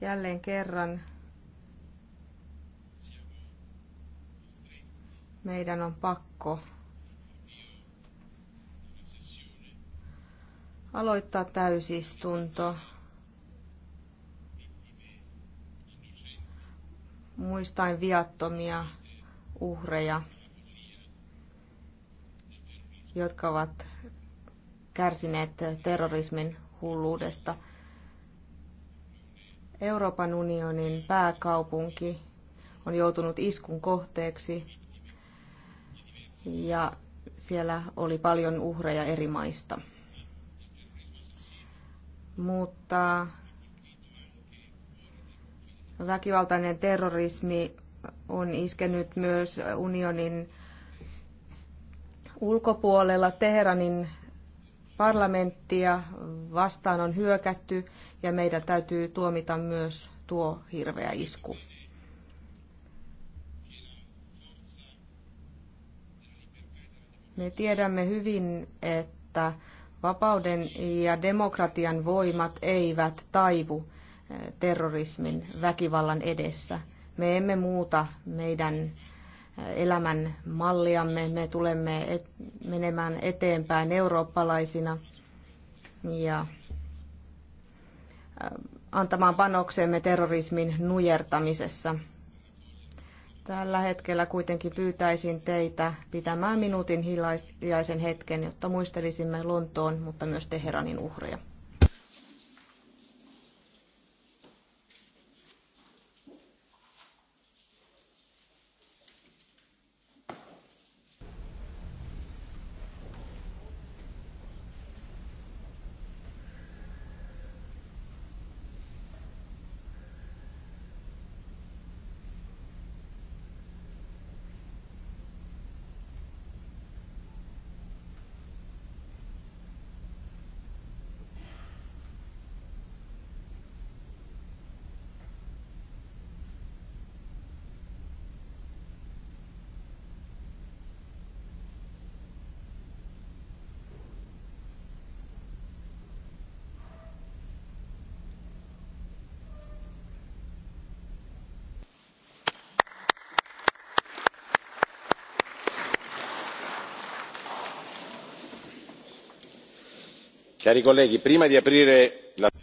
jälleen kerran meidän on pakko aloittaa täysistunto. Muistain viattomia uhreja, jotka ovat kärsineet terrorismin hulluudesta. Euroopan unionin pääkaupunki on joutunut iskun kohteeksi ja siellä oli paljon uhreja eri maista. Mutta väkivaltainen terrorismi on iskenyt myös unionin ulkopuolella. Teheranin parlamenttia vastaan on hyökätty ja meidän täytyy tuomita myös tuo hirveä isku. Me tiedämme hyvin, että vapauden ja demokratian voimat eivät taivu eh, terrorismin väkivallan edessä. Me emme muuta meidän elämän malliamme. Me tulemme et, menemään eteenpäin eurooppalaisina ja antamaan panoksemme terrorismin nujertamisessa. Tällä hetkellä kuitenkin pyytäisin teitä pitämään minuutin hiljaisen hetken, jotta muistelisimme Lontoon, mutta myös Teheranin uhreja.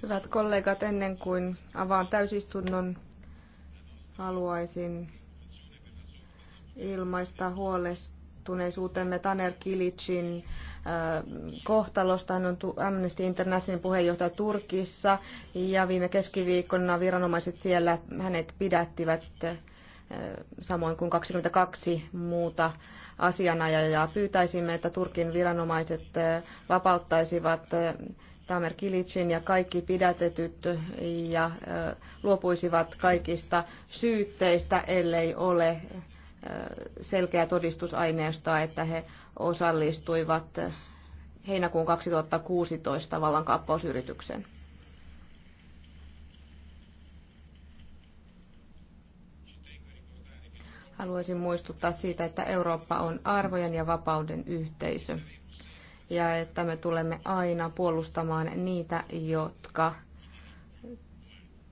Hyvät kollegat, ennen kuin avaan täysistunnon, haluaisin ilmaista huolestuneisuutemme Taner Kilicin äh, kohtalosta. Hän on Amnesty Internationalin puheenjohtaja Turkissa ja viime keskiviikkona viranomaiset siellä hänet pidättivät samoin kuin 22 muuta asianajajaa. Pyytäisimme, että Turkin viranomaiset vapauttaisivat Tamer Kilicin ja kaikki pidätetyt ja luopuisivat kaikista syytteistä, ellei ole selkeä todistusaineistoa, että he osallistuivat heinäkuun 2016 vallankaappausyritykseen. Haluaisin muistuttaa siitä, että Eurooppa on arvojen ja vapauden yhteisö ja että me tulemme aina puolustamaan niitä, jotka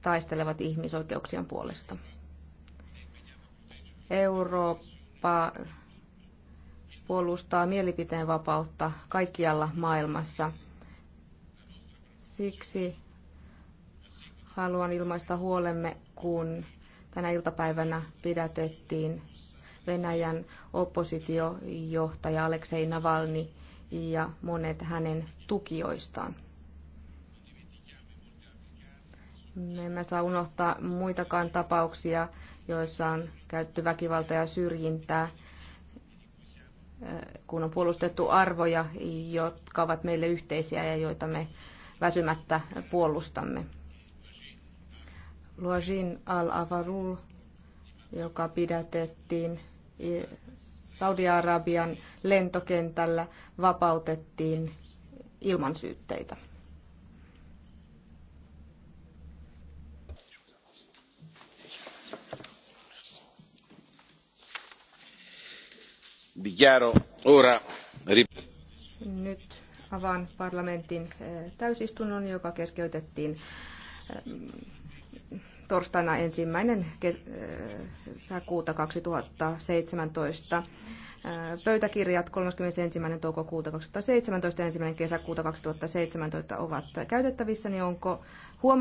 taistelevat ihmisoikeuksien puolesta. Eurooppa puolustaa mielipiteen vapautta kaikkialla maailmassa. Siksi haluan ilmaista huolemme, kun tänä iltapäivänä pidätettiin Venäjän oppositiojohtaja Aleksei Navalni ja monet hänen tukijoistaan. Me emme saa unohtaa muitakaan tapauksia, joissa on käytetty väkivaltaa ja syrjintää, eh, kun on puolustettu arvoja, jotka ovat meille yhteisiä ja joita me väsymättä puolustamme. Luajin al-Avarul, joka pidätettiin Saudi-Arabian lentokentällä, vapautettiin ilman syytteitä. nyt avaan parlamentin eh, täysistunnon joka keskeytettiin eh, torstaina ensimmäinen äh, äh, kesäkuuta 2017. Pöytäkirjat 31. toukokuuta 2017 ja 1. kesäkuuta 2017 ovat käytettävissä, niin onko huoma